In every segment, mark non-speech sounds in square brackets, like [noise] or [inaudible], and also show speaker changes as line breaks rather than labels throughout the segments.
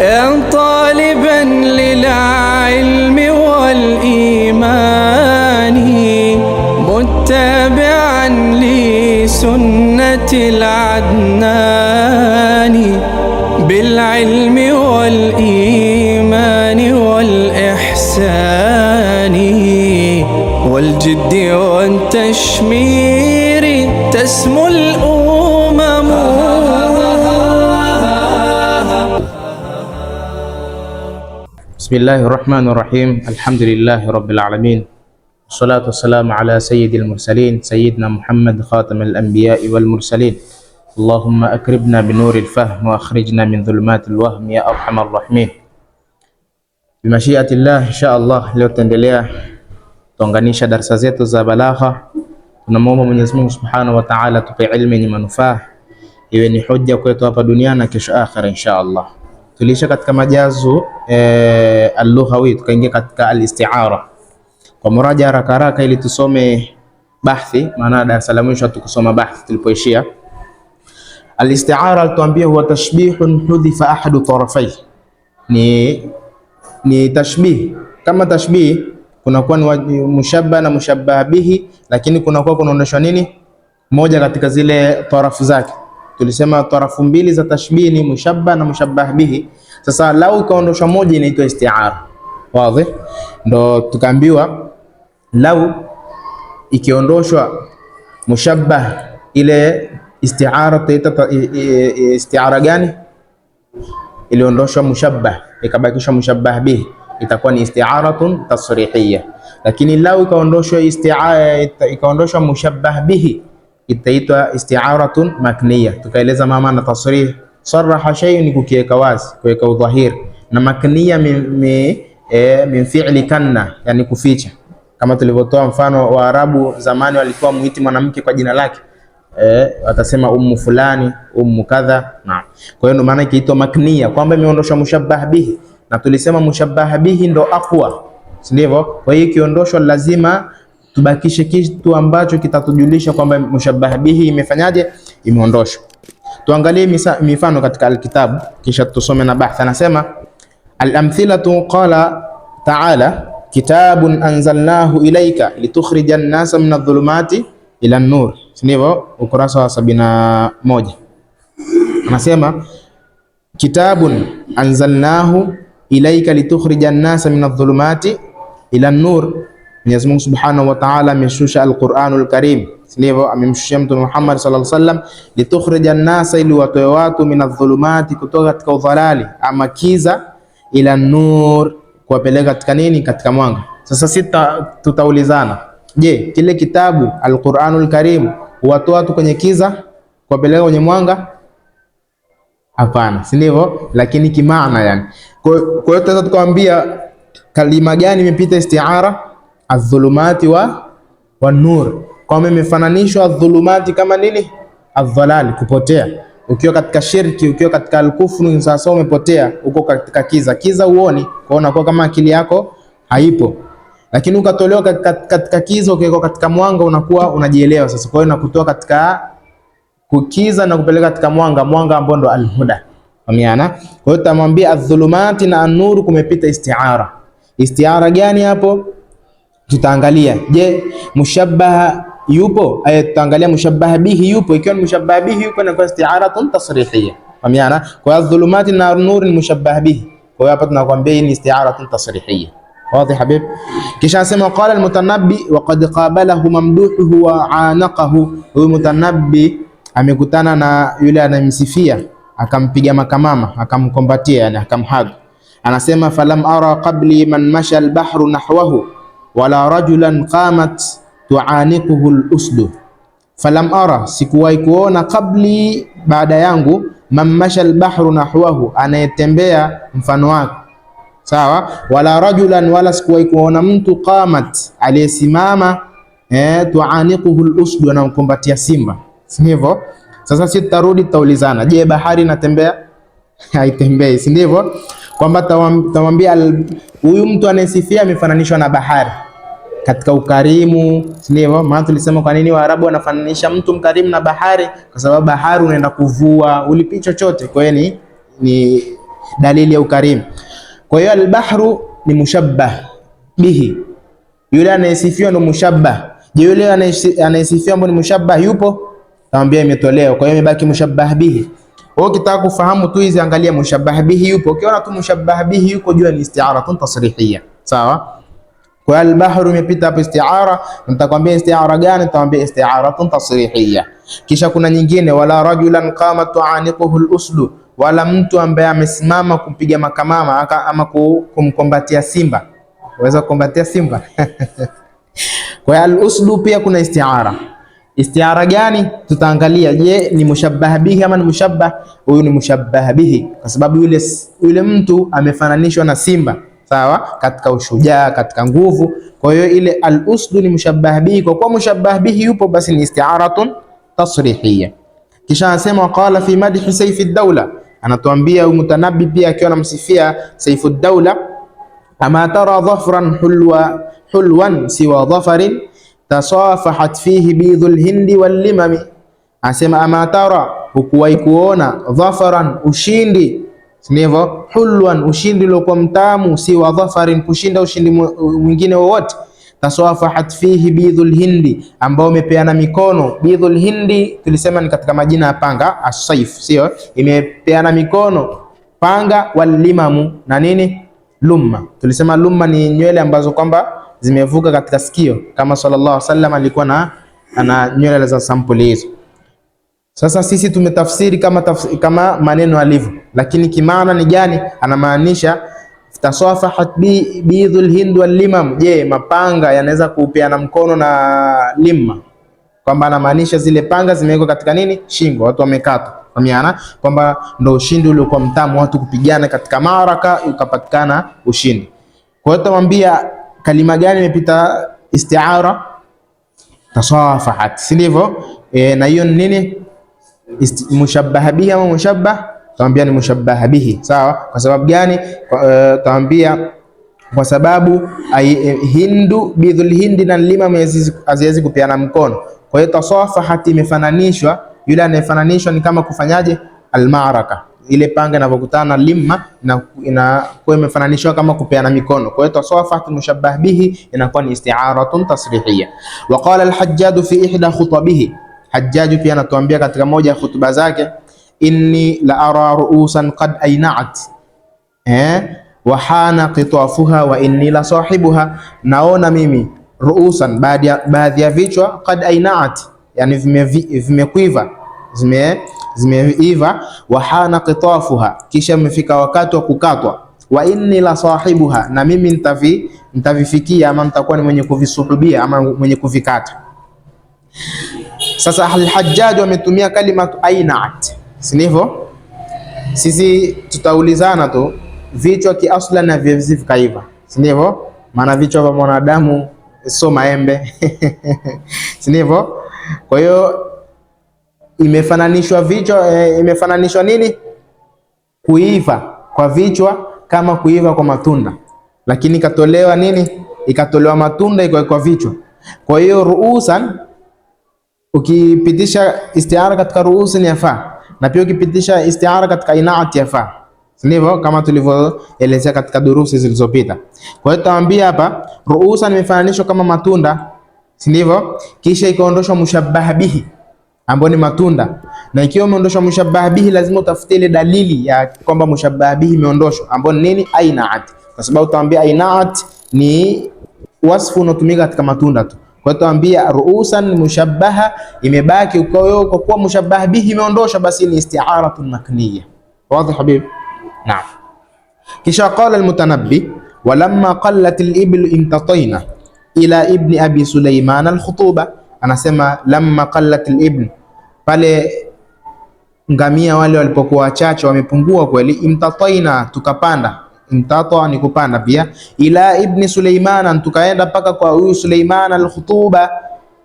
إن طالبا للعلم والإيمان متبعا لسنة العدنان بالعلم والإيمان والإحسان والجد والتشمير
بسم الله الرحمن الرحيم الحمد لله رب العالمين والصلاة والسلام على سيد المرسلين سيدنا محمد خاتم الأنبياء والمرسلين اللهم أكرمنا بنور الفهم وأخرجنا من ظلمات الوهم يا أرحم الراحمين بمشيئة الله إن شاء الله لو تندليا tuunganisha درس zetu za balagha من يزمون سبحانه وتعالى wa علمي tupe ilmu yenye manufaa iwe ni hujja kwetu hapa duniani na tuliisha katika majazu e, eh, al-lughawi tukaingia katika al-isti'ara. Kwa muraja haraka haraka, ili tusome bahthi, maana darasa la mwisho tukusoma bahthi tulipoishia. Al-isti'ara tuambia huwa tashbihun hudhifa ahadu tarafai, ni ni tashbih kama tashbih, kunakuwa ni mushabba na mushabbaha bihi, lakini kunakuwa kunaonyeshwa nini, moja katika zile tarafu zake Tulisema tarafu mbili za tashbihi ni mushabba na mushabbah bihi. Sasa lau ikaondoshwa moja inaitwa isti'ara. Wazi? Ndo tukaambiwa lau ikiondoshwa mushabbah ile isti'ara taita isti'ara gani? Iliondoshwa mushabbah ikabakishwa mushabbah bihi itakuwa ni isti'aratun tasrihiyya. Lakini lau ikaondoshwa isti'ara ikaondoshwa mushabbah bihi itaitwa isti'aratun makniya. Tukaeleza mama na tasrih, saraha ni kukiweka wazi, kuweka udhahir, na makniya mi, e, min fi'li kanna, yani kuficha, kama tulivyotoa mfano wa Arabu zamani walikuwa muhiti mwanamke kwa jina lake e, watasema ummu fulani, ummu kadha. Naam, kwa hiyo ndo maana ikiitwa makniya kwamba imeondoshwa mushabbah bihi, na tulisema mushabbah bihi ndo aqwa, si ndivyo? Kwa hiyo ikiondoshwa lazima tubakishe kitu ambacho kitatujulisha kwamba mushabaha bihi imefanyaje, imeondoshwa. Tuangalie mifano katika alkitabu, kisha tusome na bahth. Anasema alamthilatu, qala taala kitabun anzalnahu ilaika litukhrija nnasa min adh-dhulumati ila an-nur, sivyo? Ukurasa wa sabini na moja anasema kitabun anzalnahu ilaika litukhrija nnasa min adh-dhulumati ila an-nur Mwenyezi Mungu Subhanahu wa Ta'ala ameshusha Al-Qur'anul Karim, sivyo? Amemshushia Mtume Muhammad sallallahu alaihi wasallam, litukhrija an nnasa, ili watoe watu minadh-dhulumati, kutoka katika udhalali ama kiza, ila nur, kuwapeleka katika nini? Katika mwanga. Sasa sisi tutaulizana, je, kile kitabu Al-Qur'anul Karim huwatoa watu kwenye kiza kuwapeleka kwenye mwanga? Hapana, sivyo? Lakini kimaana yani. Kwa hiyo tunaweza tukamwambia kalima gani imepita istiara adh-dhulumati wa wan-nur, kwamba imefananishwa adh-dhulumati kama nini? Adh-dhalali, kupotea. Ukiwa katika shirki, ukiwa katika al-kufru, sasa umepotea, uko katika kiza. Kiza uoni, kwa unakuwa kama akili yako haipo, lakini ukatolewa katika katika kiza, ukiwa katika mwanga, unakuwa unajielewa sasa. Kwa hiyo nakutoa katika kukiza na kupeleka katika mwanga, mwanga ambao ndo al-huda. Fahamiana? Kwa hiyo tamwambia adh-dhulumati na an-nur, kumepita istiara. Istiara gani hapo? tutaangalia je, mushabbaha yupo aya, eh, tutaangalia mushabbaha bihi yupo. Ikiwa ni mushabbaha bihi yupo, inakuwa isti'aratun tasrihiyya fahamiana. Kwa hiyo dhulumati na nuru ni mushabbaha bihi, kwa hiyo hapa tunakwambia hii ni isti'aratun tasrihiyya. Wazi habib. Kisha anasema qala almutanabbi wa qad qabalahu mamduhuhu wa anaqahu, huyu mutanabbi amekutana na yule anayemsifia akampiga makamama akamkombatia, yani akamhaga. Anasema falam ara qabli man masha albahru nahwahu wala rajulan qamat tuanikuhu lusdu falam ara, sikuwahi kuona kabli, baada yangu, mammasha albahru nahwahu, anayetembea mfano wake. Sawa, wala rajulan, wala sikuwahi kuona mtu qamat, aliyesimama eh, tuanikuhu lusdu, anamkumbatia simba, si hivyo? Sasa si tutarudi tutaulizana, je, bahari inatembea? [laughs] Haitembei, si ndivyo? Kwamba tawambia huyu mtu anayesifia amefananishwa na bahari katika ukarimu, sindio? Maana tulisema kwa nini Waarabu wanafananisha mtu mkarimu na bahari, kwa sababu bahari unaenda kuvua, ulipi chochote. Kwa hiyo ni, ni dalili ya ukarimu. Kwa hiyo albahru ni mushabbah bihi, yule anayesifiwa ndo mushabbah. Je, yule anayesifiwa ambaye ni mushabbah yupo? Tamwambia imetolewa, kwa hiyo imebaki mushabbah bihi. Wewe ukitaka kufahamu tu hizi, angalia mushabbah bihi yupo. Ukiona tu mushabbah bihi yuko, jua ni isti'ara tasrihia, sawa kwa albahru imepita hapo istiara, nitakwambia istiara gani? Nitakwambia tun tasrihia. Kisha kuna nyingine, wala rajulan qama tuaniquhu aluslu, wala mtu ambaye amesimama kumpiga makamama ama kumkombatia simba. Waweza kukombatia simba [laughs] kwa aluslu pia kuna istiara. Istiara gani? Tutaangalia, je, ni mushabbaha bihi ama ni mushabbah? Huyu ni mushabbaha bihi, kwa sababu yule yule mtu amefananishwa na simba sawa, katika ushujaa, katika nguvu. Kwa hiyo ile al-usdu ni mushabbah bihi, kwa kuwa mushabbah bihi yupo, basi ni isti'aratun tasrihia. Kisha anasema qala fi madhi sayfi dawla, anatuambia mutanabi pia akiwa anamsifia sayfu dawla, ama tara dhafran hulwa hulwan siwa dhafarin tasafahat fihi bidhul hindi wal limami, anasema ama tara, hukuwahi kuona dhafaran ushindi Sivyo? Hulwan, ushindi uliokuwa mtamu. Si wa dhafarin, kushinda ushindi mwingine wowote. Tasafahat fihi bidhul hindi, ambao umepeana mikono. Bidhul hindi tulisema ni katika majina ya panga asaif, sio? Imepeana mikono panga walimamu na nini lumma. Tulisema lumma ni nywele ambazo kwamba zimevuka katika sikio, kama sallallahu alaihi wasallam alikuwa na ana nywele za sampuli hizo. Sasa sisi tumetafsiri kama, tafsiri, kama maneno alivyo, lakini kimaana ni gani? Anamaanisha tasafahat bidhul hind wal limam. Je, mapanga yanaweza kupeana mkono na limma? Kwamba anamaanisha zile panga zimewekwa katika nini, shingo, watu wamekata Fahamiana kwamba ndo ushindi uliokuwa mtamu, watu kupigana katika maraka ukapatikana ushindi. Kwa hiyo tamwambia kalima gani imepita istiara? Tasafahat, si ndivyo? E, na hiyo nini mushabbaha bihi ama mushabbah? Tawambia ni mushabbaha bihi. Sawa, kwa sababu gani? Eh, tawambia kwa sababu eh, Hindu bidhul Hindi na lima haziwezi kupeana mkono. Kwa hiyo tasafahati imefananishwa, yule anayefananishwa ni kama kufanyaje? Almaraka, ile panga inavyokutana na limma inakuwa imefananishwa kama kupeana mikono. Kwa hiyo tasafahati mushabbah bihi inakuwa ni istiaratun tasrihiyya. Waqala qala al-Hajjaj fi ihda khutabihi Hajjaju pia anatuambia katika moja ya hutuba zake, inni la ara ruusan qad ainat eh, wa hana qitafuha wa inni la sahibuha, naona mimi ruusan, baadhi ya vichwa qad ainat, yani vimekuiva zime zimeiva, wa hana qitafuha, kisha mmefika wakati wa kukatwa wa inni la sahibuha, na mimi nitavi nitavifikia ama nitakuwa ni mwenye kuvisuhubia ama mwenye kuvikata sasa Al-Hajjaj wametumia kalimatu ainat, si ndivyo? Sisi tutaulizana tu vichwa kiasla na viazi vikaiva, si ndivyo? Maana vichwa vya mwanadamu sio maembe [laughs] si ndivyo? Kwa hiyo imefananishwa vichwa, eh, imefananishwa nini? Kuiva kwa vichwa kama kuiva kwa matunda, lakini ikatolewa nini? Ikatolewa matunda ikawekwa vichwa. Kwa hiyo ruusan Ukipitisha istiara katika ruusi ni yafaa, na pia ukipitisha istiara katika inaati yafaa, sivyo? kama tulivyoelezea katika durusi zilizopita. Kwa hiyo tutaambia hapa ruusa nimefananishwa kama matunda, sivyo? kisha ikaondoshwa mushabaha bihi ambayo ni matunda, na ikiwa umeondoshwa mushabaha bihi, lazima utafute ile dalili ya kwamba mushabaha bihi imeondoshwa, ambayo ni nini? Ainaat, kwa sababu tutaambia ainaat ni wasfu unaotumika katika matunda tu. Kwa hiyo tuambia ruusan mushabbaha imebaki, kwa hiyo kwa kuwa mushabbaha bihi imeondosha, basi ni isti'aratu makniya. Wazi habib? Naam. Kisha qala al-Mutanabbi, walamma qallat al-ibl intataina ila ibn abi Sulaiman al-khutuba. Anasema lamma qallat al-ibl, pale ngamia wale walipokuwa wachache wamepungua kweli, imtataina, tukapanda mtata ni kupanda pia, ila ibni Suleimana, tukaenda paka kwa huyu Suleiman alkhutuba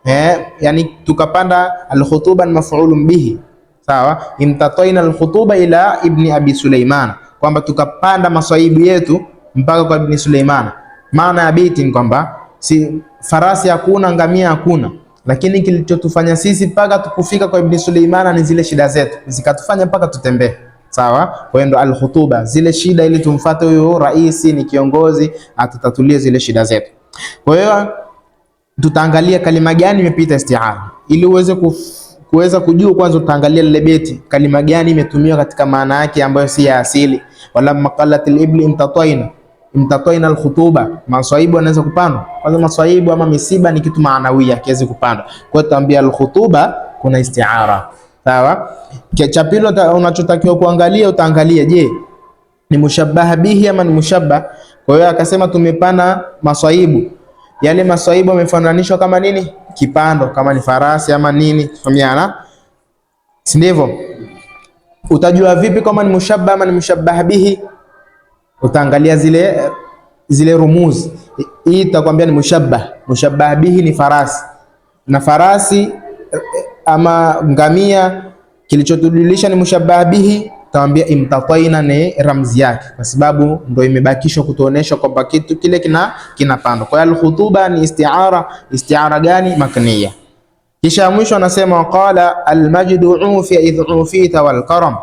eh, yani tukapanda alkhutuba maf'ulun bihi sawa, imtataina alkhutuba ila ibni abi Suleimana, kwamba tukapanda maswaibu yetu mpaka kwa ibni Suleimana. Maana ya biti ni kwamba si farasi hakuna, ngamia hakuna, lakini kilichotufanya sisi mpaka tukufika kwa ibni Suleimana ni zile shida zetu zikatufanya mpaka tutembee sawa. Kwa hiyo ndo alkhutuba, zile shida, ili tumfuate huyu rais, ni kiongozi, atatatulia zile shida zetu. Kwa hiyo tutaangalia kalima gani imepita istiara, ili uweze kuweza kujua, kwanza utaangalia lile beti, kalima gani imetumiwa katika maana yake ambayo si ya asili. Walamma qalatil ibli imtatwaina imtatwaina alkhutuba, maswaibu yanaweza kupandwa. Kwanza maswaibu ama misiba ni kitu maanawia, kiwezi kupandwa. Kwa hiyo tutaambia alkhutuba kuna istiara Sawa. Cha pili unachotakiwa kuangalia, utaangalia je, ni mushabaha bihi ama ni mushabba. Kwa hiyo akasema tumepana maswaibu, yale maswaibu yamefananishwa kama nini, kipando, kama ni farasi ama nini, tufahamiana, si ndivyo? Utajua vipi kama ni mushabba ama ni mushabbah bihi? Utaangalia zile zile rumuzi. Hii itakwambia ni mushabba. Mushabbah bihi ni farasi na farasi ama ngamia kilichotudulisha ni mushabaha bihi, tawambia imtataina ni ramzi yake, kwa sababu ndo imebakishwa kutuonesha kwamba kitu kile kina kinapandwa. Kwa hiyo alkhutuba ni istiara. Istiara gani? Makniya. Kisha mwisho anasema qala almajdu fi idhufita walkaram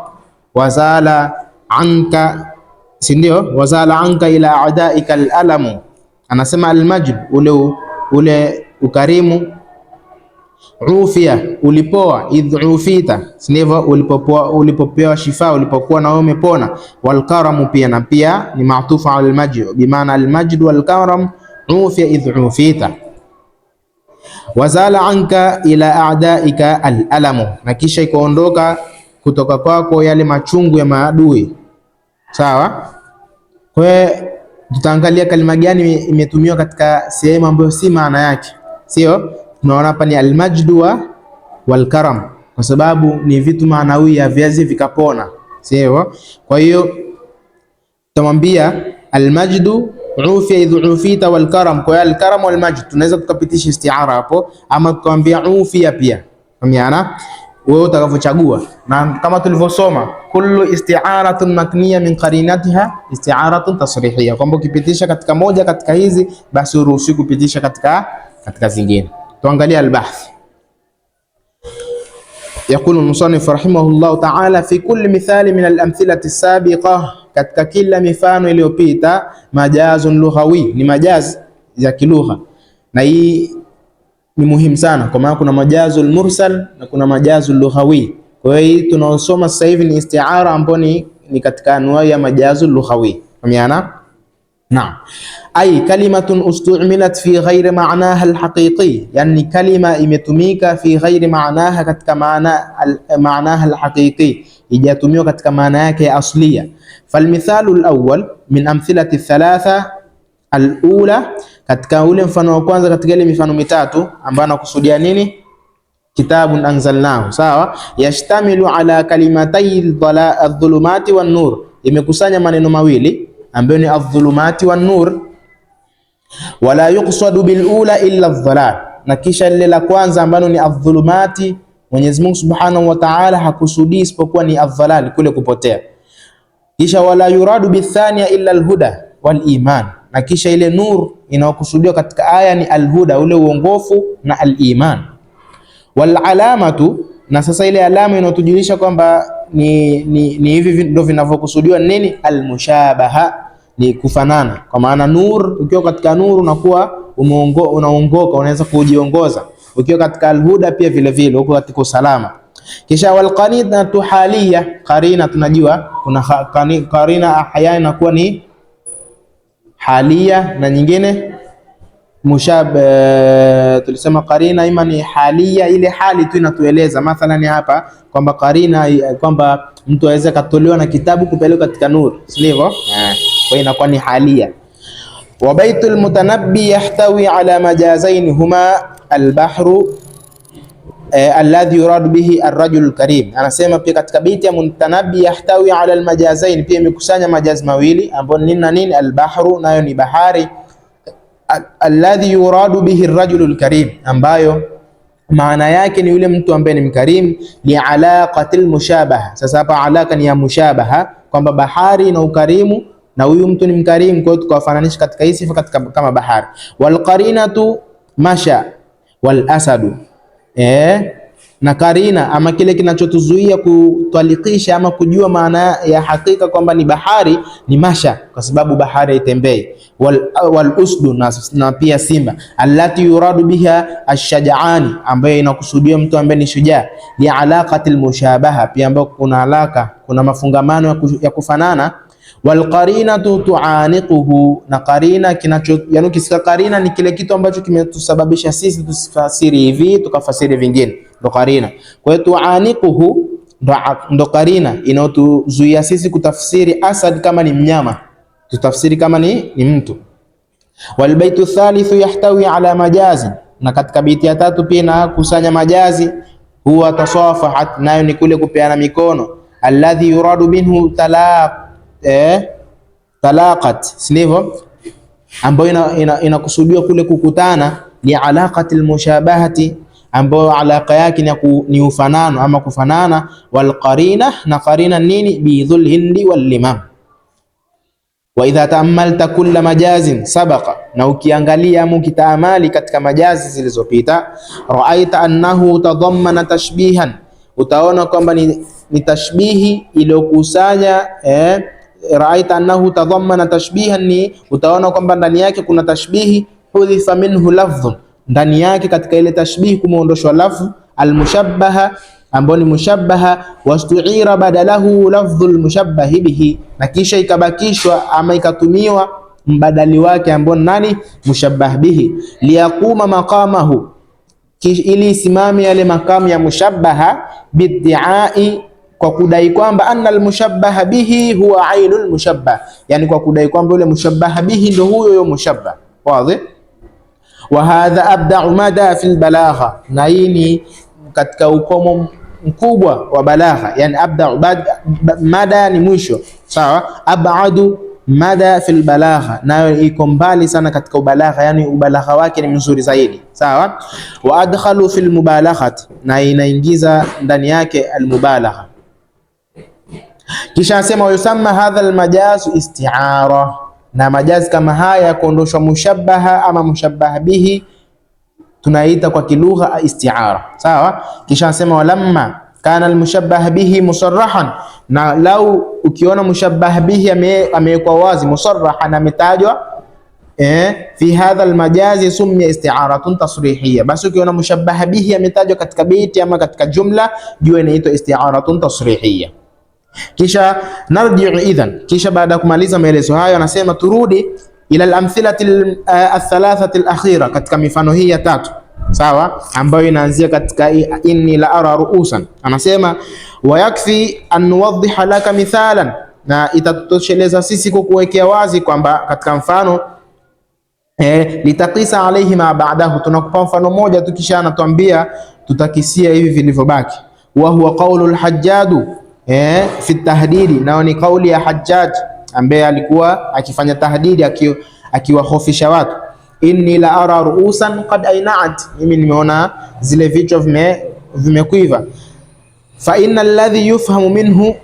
wazala anka, si ndio? Wazala anka ila adaika alalamu. Anasema almajd ule ule ukarimu Ufia, ulipoa. Idh ufita, sivyo? Ulipopoa, ulipopewa shifa, ulipokuwa na wewe umepona. Walkaramu pia, na pia ni maatufu al majd, bi maana wal karam. Ufia idh ufita. Wazala anka ila a'daika alalamu, na kisha ikaondoka kutoka kwako yale machungu ya maadui. Sawa, kwa tutaangalia kalima gani imetumiwa katika sehemu ambayo si maana yake, sio Tunaona hapa ni almajdu wa walkaram, kwa sababu ni vitu maanawi ya viazi vikapona, sio? Kwa hiyo tamwambia almajdu ufia idh ufita wal kwa al karam wal Tunaweza tukapitisha istiara hapo, ama tukamwambia ufia pia, kwa wewe utakavyochagua, na kama tulivyosoma kullu isti'aratun makniya min qarinatiha isti'aratun tasrihiyya, kwamba ukipitisha katika moja katika hizi basi uruhusi kupitisha katika, katika zingine. Tuangalie albahth. Yaqulu musannif rahimahullah ta'ala fi kulli mithali min al-amthilati as sabiqa, katika kila mifano iliyopita, majazun lughawi, ni majaz ya kilugha, na hii ni muhimu sana, kwa maana kuna majazul mursal na kuna majazul lughawi. Kwa hiyo hii tunaosoma sasa hivi ni istiara ambayo ni katika anwaa ya majazul lughawi. kwa maana نعم أي كلمة استعملت في غير معناها الحقيقي يعني كلمة إمتميكا في غير معناها كتك معناها الحقيقي إذا تميو كتك أصلية فالمثال الأول من أمثلة الثلاثة الأولى كتك أولي مفانو وكوانزا كتك أولي مفانو متاتو أمبانا كسوديا كتاب أنزلناه ساوى يشتمل على كلمتي الظلمات والنور إمكسانيا من نمويلي ambayo ni adh-dhulumati wan nur, wala yuqsadu bil ula illa adh-dhalal, na kisha lile la kwanza ambalo ni adh-dhulumati, Mwenyezi Mungu Subhanahu wa Ta'ala hakusudi isipokuwa ni adh-dhalal, kule kupotea. Kisha wala yuradu bithania illa al-huda wal iman, na kisha ile nur inayokusudiwa katika aya ni al-huda, ule uongofu na al-iman Wal alamatu, na sasa ile alama inayotujulisha kwamba ni, ni, ni hivi ndio vinavyokusudiwa nini? al-mushabaha ni kufanana, kwa maana nur, ukiwa katika nur unakuwa unaongoka, unaweza kujiongoza. Ukiwa katika alhuda pia vile vile uko katika usalama. Kisha walqanina tuhalia karina, tunajua kuna karina ahya inakuwa ni halia na nyingine mushab. E, tulisema karina ima ni halia, ile hali tu inatueleza mathalan hapa kwamba karina, kwamba mtu aweze katolewa na kitabu kupelekwa katika nuru, si ndivyo? kwa inakuwa ni halia. Wa baitul mutanabbi yahtawi ala majazain huma albahru eh, alladhi yurad bihi arrajul karim. Anasema pia katika baiti ya mutanabbi yahtawi ala almajazain, pia imekusanya majazi mawili ambayo ni nini? Albahru, nayo ni bahari. Alladhi yuradu bihi arrajul karim, ambayo maana yake ni yule mtu ambaye ni mkarimu. Lialaqatil mushabaha. Sasa hapa alaka ni ya mushabaha, kwamba bahari na ukarimu na huyu mtu ni mkarimu, kwa hiyo tukawafananisha katika hii sifa katika kama bahari. Walqarinatu masha walasadu eh, na karina ama kile kinachotuzuia kutwalikisha ama kujua maana ya hakika kwamba ni bahari ni masha, kwa sababu bahari haitembei. Wal, wal usdu na, na pia simba allati yuradu biha ashajaani, ambayo inakusudia mtu ambaye ni shujaa. Li alaqati almushabaha, pia ambayo kuna alaka, kuna mafungamano ya kufanana walqarinatu tuaniquhu, na qarina kinacho, yani ukisikia qarina ni kile kitu ambacho kimetusababisha sisi tusifasiri hivi tukafasiri vingine, ndo qarina. Kwa hiyo tuaniquhu ndo qarina inayotuzuia sisi kutafsiri asad kama ni mnyama, tutafsiri kama ni, ni mtu. Walbaitu thalithu yahtawi ala majazi, na katika baiti ya tatu pia inakusanya majazi. Huwa tasafahat, nayo ni kule kupeana mikono, alladhi yuradu minhu talaq eh, talaqat, sivyo? Ambayo inakusudiwa ina, ina kule kukutana, ni alaqati almushabahati, ambayo alaqa yake ni, ni ufanano ama kufanana, walqarina na qarina nini, bidhul hindi wallimam wa idha taamalta kulla majazin sabaqa, na ukiangalia ama ukitaamali katika majazi zilizopita, raaita annahu tadammana tashbihan, utaona kwamba ni, ni tashbihi iliyokusanya eh, raaita annahu tadhammana tashbihan, ni utaona kwamba ndani yake kuna tashbihi. Hudhifa minhu lafdhun, ndani yake katika ile tashbihi kumeondoshwa lafdh almushabbaha ambao ni mushabbaha. Wastuira badalahu lafdhul mushabbahi bihi, na kisha ikabakishwa ama ikatumiwa mbadali wake ambao nani? Mushabbah bihi. Liyaquma maqamahu, ili isimame yale makamu ya mushabbaha biddiai kwa kudai kwamba anna almushabbaha bihi huwa ainul mushabbah, yani kwa kudai kwamba yule mushabbaha bihi ndio huyo huyo mushabbah. Wazi wa hadha abdau mada fi albalagha, na hii ni katika ukomo mkubwa wa balagha, yani abdau mada ni mwisho sawa, abadu mada fi albalagha, nayo iko mbali sana katika ubalagha, yani ubalagha wake ni mzuri zaidi sawa. Wa adkhalu fi almubalaghati, na inaingiza ndani yake almubalagha kisha asema yusamma hadha almajazu isti'ara, na majazi kama haya kuondoshwa mushabaha ama mushabaha bihi tunaita kwa kilugha isti'ara, sawa. Kisha asema walamma kana almushabbah bihi musarrahan, na lau ukiona mushabbah bihi amewekwa wazi musarrahan, ametajwa eh, fi hadha almajazi summiya isti'aratun tasrihiyya, basi ukiona mushabbah bihi ametajwa katika beti ama katika jumla, jua inaitwa isti'aratun tasrihiyya. Kisha narjiu idhan, kisha baada ya kumaliza maelezo hayo anasema turudi ila al-amthilati eh, al-thalathati al-akhira, katika mifano hii ya tatu sawa, ambayo inaanzia katika inni la ara ruusan. Anasema wa yakfi an nuwaddiha laka mithalan, na itatosheleza sisi kukuwekea wazi kwamba katika mfano eh, litakisa alayhi ma ba'dahu, tunakupa mfano moja tukisha, anatuambia tutakisia hivi vilivyobaki. Wa huwa qaulul hajjadu eh, fi tahdidi, nao ni kauli ya Hajjaj ambaye alikuwa akifanya tahdidi akiwahofisha aki watu, inni la ara ruusan qad ainaat, mimi nimeona zile vichwa vimekuiva. Vime fa inna alladhi yufhamu minhu,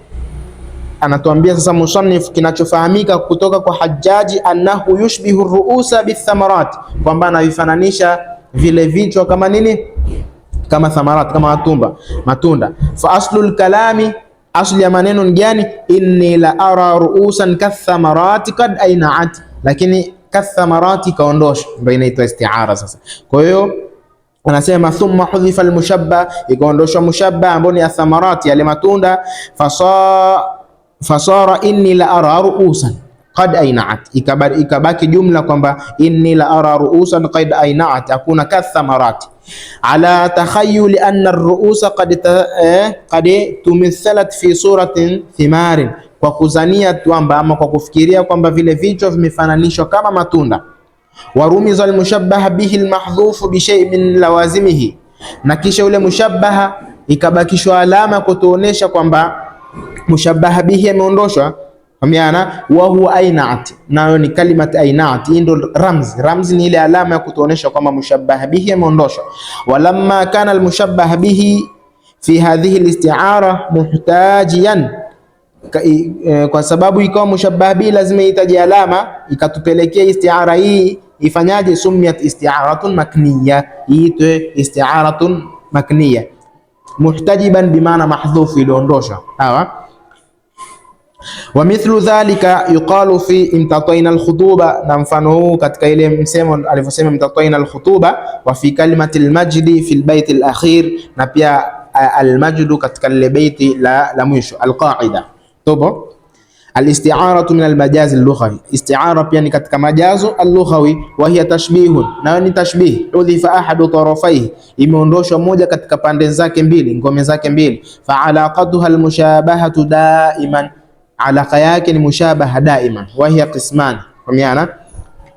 anatuambia sasa musannif, kinachofahamika kutoka kwa Hajjaji annahu yushbihu ruusa bithamarat, kwamba anavifananisha vile vichwa kama nini, kama thamarat, kama matumba, matunda. Fa aslul kalami asli ya maneno ni gani? inni la ara ruusan kathamarati kad ainaat, lakini kathamarati kaondosha, ndio inaitwa istiara. Sasa kwa hiyo anasema thumma hudhifa almushabba, ikaondoshwa mushabba ambao ni athamarati, yale matunda. Fasara inni la ara ruusan qad ainaat, ikabaki jumla kwamba inni la ara ruusan qad ainaat, hakuna katha kathamarati ala takhayyuli anna ar-ru'usa qad eh, qad tumithalat fi suratin thimarin, kwa kuzania kwamba ama kwa kufikiria kwamba vile vichwa vimefananishwa kama matunda. Warumiza al-mushabbaha bihi al-mahdhufu bi shay'in min lawazimihi, na kisha ule mushabbaha ikabakishwa alama kutuonesha kwamba mushabbaha bihi ameondoshwa Mamiana wahu ainati, nayo ni kalimati ainati. Hii ndo ramzi. Ramzi ni ile alama ya kutuonesha kwamba mushabbaha bihi ameondoshwa. Walamma kana almushabbaha bihi fi hadhihi listiara muhtajiyan, kwa sababu ikawa mushabbaha bihi lazima ihitaji alama, ikatupelekea istiara hii ifanyaje? Sumiyat istiaratun makniya, iitwe istiaratun makniya. Muhtajiban bimaana mahdhufu, iliondoshwa. Sawa. ومثل ذلك يقال في امتطينا الخطوبة نمفنه كتكيل مسمون ألف سيم امتطينا الخطوبة وفي كلمة المجد في البيت الأخير نبيا آه، المجد كتكل بيت لا لمش القاعدة طب الاستعارة من المجاز اللغوي استعارة يعني كتك مجاز اللغوي وهي تشبيه نعم تشبيه أضيف أحد طرفيه يمون روش موجة كتك باندزاك مبيل فعلاقتها المشابهة دائماً alaka yake ni mushabaha daima, wa hiya qisman. Kwa maana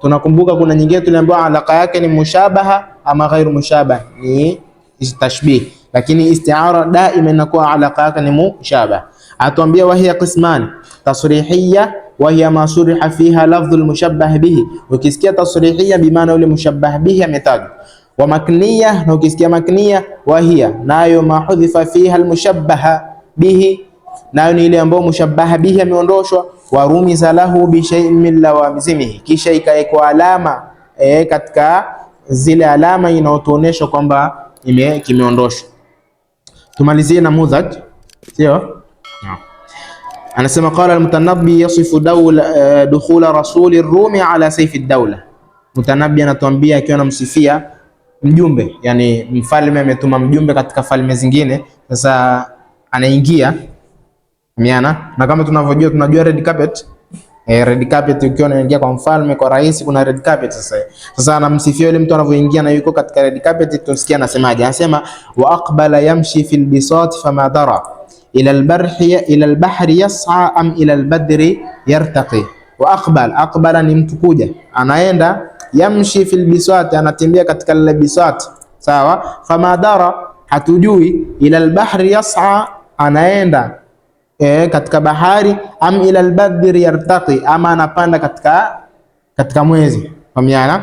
Tunakumbuka kuna nyingine tuliambiwa alaka yake ni mushabaha ama ghairu mushabaha, ni istashbih, lakini isti'ara daima inakuwa alaka yake ni mushabaha. Atuambia wa hiya qisman tasrihiyya wa hiya ma suriha fiha lafdhul mushabbah bihi, ukisikia tasrihiyya bi maana yule mushabbah bihi ametajwa wa makniya na ukisikia makniya, wa hiya nayo ma hudhifa fiha almushabbaha bihi nayo ni ile ambayo mushabaha bihi ameondoshwa, warumiza lahu bishaiin min lawazimihi, kisha ikawekwa alama e, katika zile alama inaotuonesha kwamba ime kimeondoshwa. Tumalizie na mudhaj, sio anasema qala al-Mutanabbi yasifu e, dukhula rasuli rumi ala saifi dawla. Mutanabbi anatuambia akiwa anamsifia mjumbe, yani mfalme ametuma mjumbe katika falme zingine, sasa anaingia Miana. Na kama tunavyojua tunajua red carpet. Eh, red carpet ukiona unaingia kwa mfalme, kwa rais kuna red carpet sasa. Sasa anamsifia yule mtu anavyoingia na yuko katika red carpet, tusikia anasemaje? Anasema wa aqbala yamshi fil bisat fama dara ila al-barhi ila al-bahri yas'a am ila al-badri yartaqi. Wa aqbal, aqbala ni mtu kuja, anaenda yamshi fil bisat, anatembea katika lile bisat. Sawa? Fama dara hatujui ila al-bahri yas'a anaenda e, katika bahari am ila albadri yartaqi, ama anapanda katika, katika mwezi kwa maana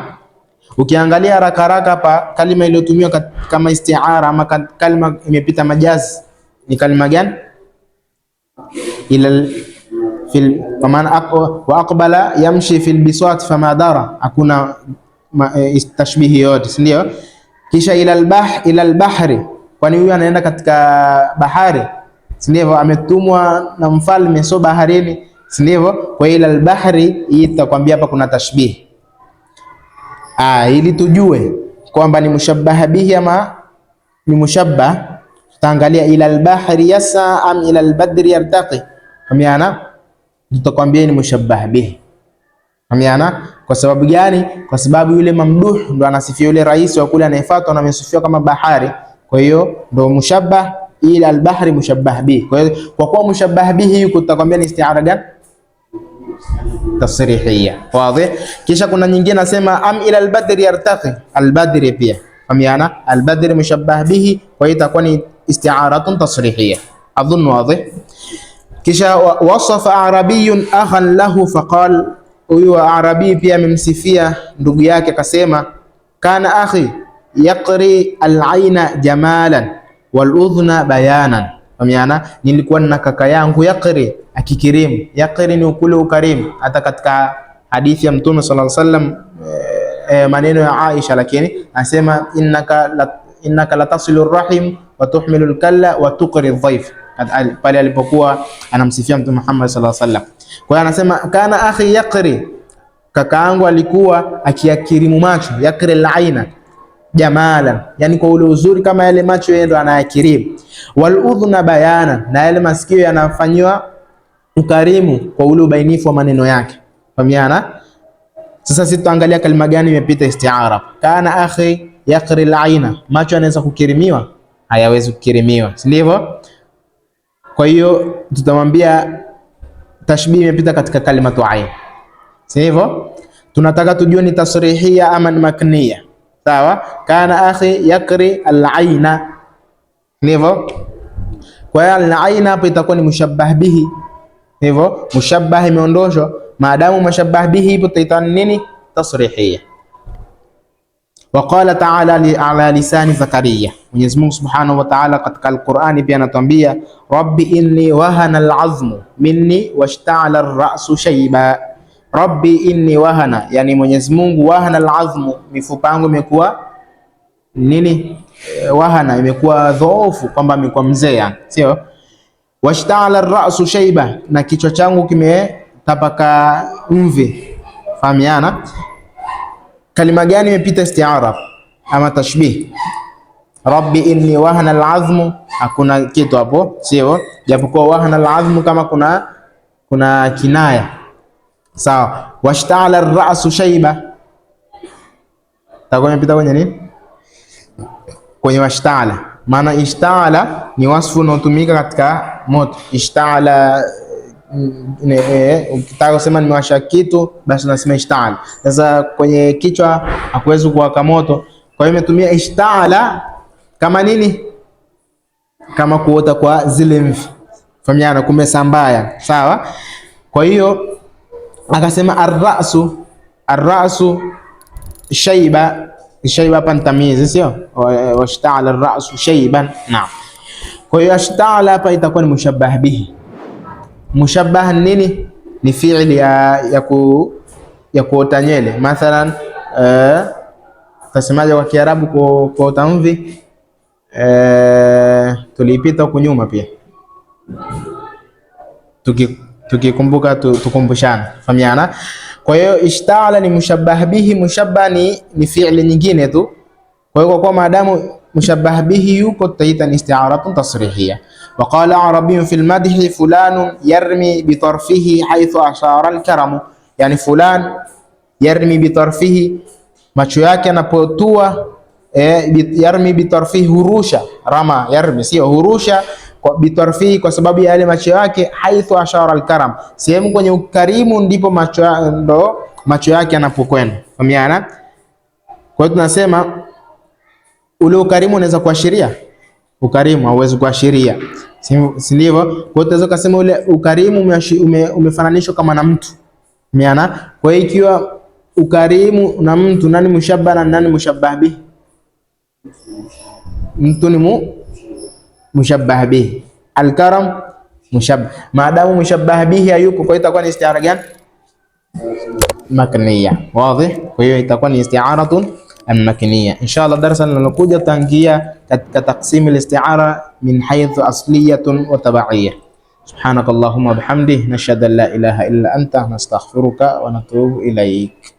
ukiangalia haraka haraka hapa kalima iliyotumiwa kama istiara ama kalima imepita majazi ni kalima gani? ila fil kwa maana aqwa wa aqbala yamshi fil biswat fama dara, hakuna e, tashbihi yote, si ndio? Kisha ila albah ila albahri, kwani huyu anaenda katika bahari si ndivyo? Ametumwa na mfalme, so baharini, si ndivyo? Kwa ila albahri hii tutakwambia hapa kuna tashbih ah, ili tujue kwamba ni mushabbaha bihi ama ni mushabba. tutaangalia ila albahri yasa am ila albadri yartaqi, amiana tutakwambia ni mushabbaha bihi amiana. Kwa sababu gani? Kwa sababu yule mamduh ndo anasifia yule rais wa kule anayefuatwa na amesufiwa kama bahari, kwa hiyo ndo mushabbah ila albahri mushabbah bihi. Kwa hiyo kwa kuwa mushabbah bihi kutakwambia ni istiara gani? Tasrihia. Wazi? Kisha kuna nyingine nasema am ila albadri yartaqi, albadri pia famiana, albadri mushabbah bihi, kwa hiyo itakuwa ni istiaratun tasrihia. Adhunnu wazi? Kisha wasafa arabiyun akhan lahu faqal, huyu arabi pia amemsifia ndugu yake akasema, kana akhi yaqri alaina jamalan waludhna bayanan Mamiana, nilikuwa na kaka yangu Yaqri akikirimu. Yaqri ni ukule ukarimu, hata katika hadithi ya Mtume sallallahu alaihi wasallam e, maneno ya Aisha, lakini anasema innaka la, innaka latasilu rahim wa tuhmilu al-kalla wa tuqri dhaif, pale alipokuwa anamsifia Mtume Muhammad sallallahu alaihi wasallam. Kwa hiyo anasema kana akhi Yaqri, kaka yangu alikuwa akiakirimu macho, Yaqri al-aina jamala, yani kwa ule uzuri kama yale macho yeye ndo anayakirimu. Wal udhuna bayana, na yale masikio yanafanywa ukarimu kwa ule ubainifu wa maneno yake. Famiana? Sasa sisi tuangalia kalima gani imepita istiara. Kana akhi yaqri al-aina, macho yanaweza kukirimiwa? Hayawezi kukirimiwa, si ndivyo? Kwa hiyo tutamwambia tashbihi imepita katika kalimatu ain, si ndivyo? Tunataka tujue ni tasrihia ama ni makniya. sawa. Kana akhi yakri alaina, hivyo. Kwa hiyo alaina hapo itakuwa ni mushabbah bihi, hivyo mushabbah imeondoshwa. Maadamu mushabbah bihi ipo, taitan nini tasrihia. Waqala taala ala lisani Zakariya, Mwenyezi Mungu subhanahu wa taala katika Alqurani pia anatuambia rabbi inni wahana alazmu minni washtaala rasu shayba Rabbi inni wahana, yani Mwenyezi Mungu, wahana alazmu, mifupa yangu imekuwa nini? Eh, wahana, imekuwa dhoofu, kwamba amekuwa mzee, yani sio. Washtala ar rasu shayba, na kichwa changu kimetapaka mvi. Fahamiana, kalima gani imepita istiara ama tashbih? Rabbi inni wahana alazmu, hakuna kitu hapo, sio, japokuwa wahana alazmu kama kuna kuna kinaya Sawa, washtala rasu shaiba, takuwa pita kwenye nini? Kwenye washtala. Maana ishtala ni wasfu unaotumika katika moto. Ishtala mm, e, ukitaka kusema nimewasha kitu, basi unasema ishtala. Sasa kwenye kichwa hakuwezi kuwaka moto, kwa hiyo imetumia ishtala kama nini? Kama kuota kwa zile mvi, fahamiana, kumesambaya. Sawa, kwa hiyo Akasema arrasu, arrasu shayba shayba, hapa sio washtala arrasu shayban. Naam, kwa hiyo ashtala hapa itakuwa ni mushabbah bihi. Mushabbah nini? Ni fiili ya ya ku ya kuota nyele, mathalan eh, tasemaje kwa Kiarabu kuota mvi? Eh, tuliipita huku nyuma pia tuki tukikumbuka tukumbushana, famiana. Kwa hiyo ishtaala ni mushabbah bihi, mushabbah ni, ni fi'li nyingine tu. Kwa hiyo kwa kuwa maadamu mushabbah bihi yuko, tutaita ni isti'aratun tasrihia. Wa qala arabiyun fil madhi fulanun yarmi bi tarfihi haythu ashara al karamu, yani fulan yarmi bi macho yake anapotua, eh, yarmi bi tarfihi, hurusha rama, yarmi sio hurusha kwa bitwarfi, kwa sababu ya yale macho yake, haithu ashara alkaram, sehemu kwenye ukarimu ndipo macho ndo macho yake yanapokwenda. Fahamiana? Kwa hiyo tunasema ule ukarimu unaweza kuashiria ukarimu, hauwezi kuashiria, si ndivyo? Kwa hiyo tunaweza kusema ule ukarimu ume, umefananishwa kama na mtu. Fahamiana? Kwa hiyo ikiwa ukarimu na mtu, nani mushabbaha na nani mushabbaha bihi? Mtu ni mu mushabbah bihi. Alkaram mushabbah. Maadamu mushabbah bihi hayupo, kwa hiyo itakuwa ni istiara gani? Makniya. Wazi? Kwa hiyo itakuwa ni istiaratun makniya. Insha Allah darasa linalokuja tutaingia katika taksimi al-istiara min haythu asliyatun wa tabaiyya. Subhanaka Allahumma wa bihamdih nashhadu an la ilaha illa anta nastaghfiruka wa natubu ilaik.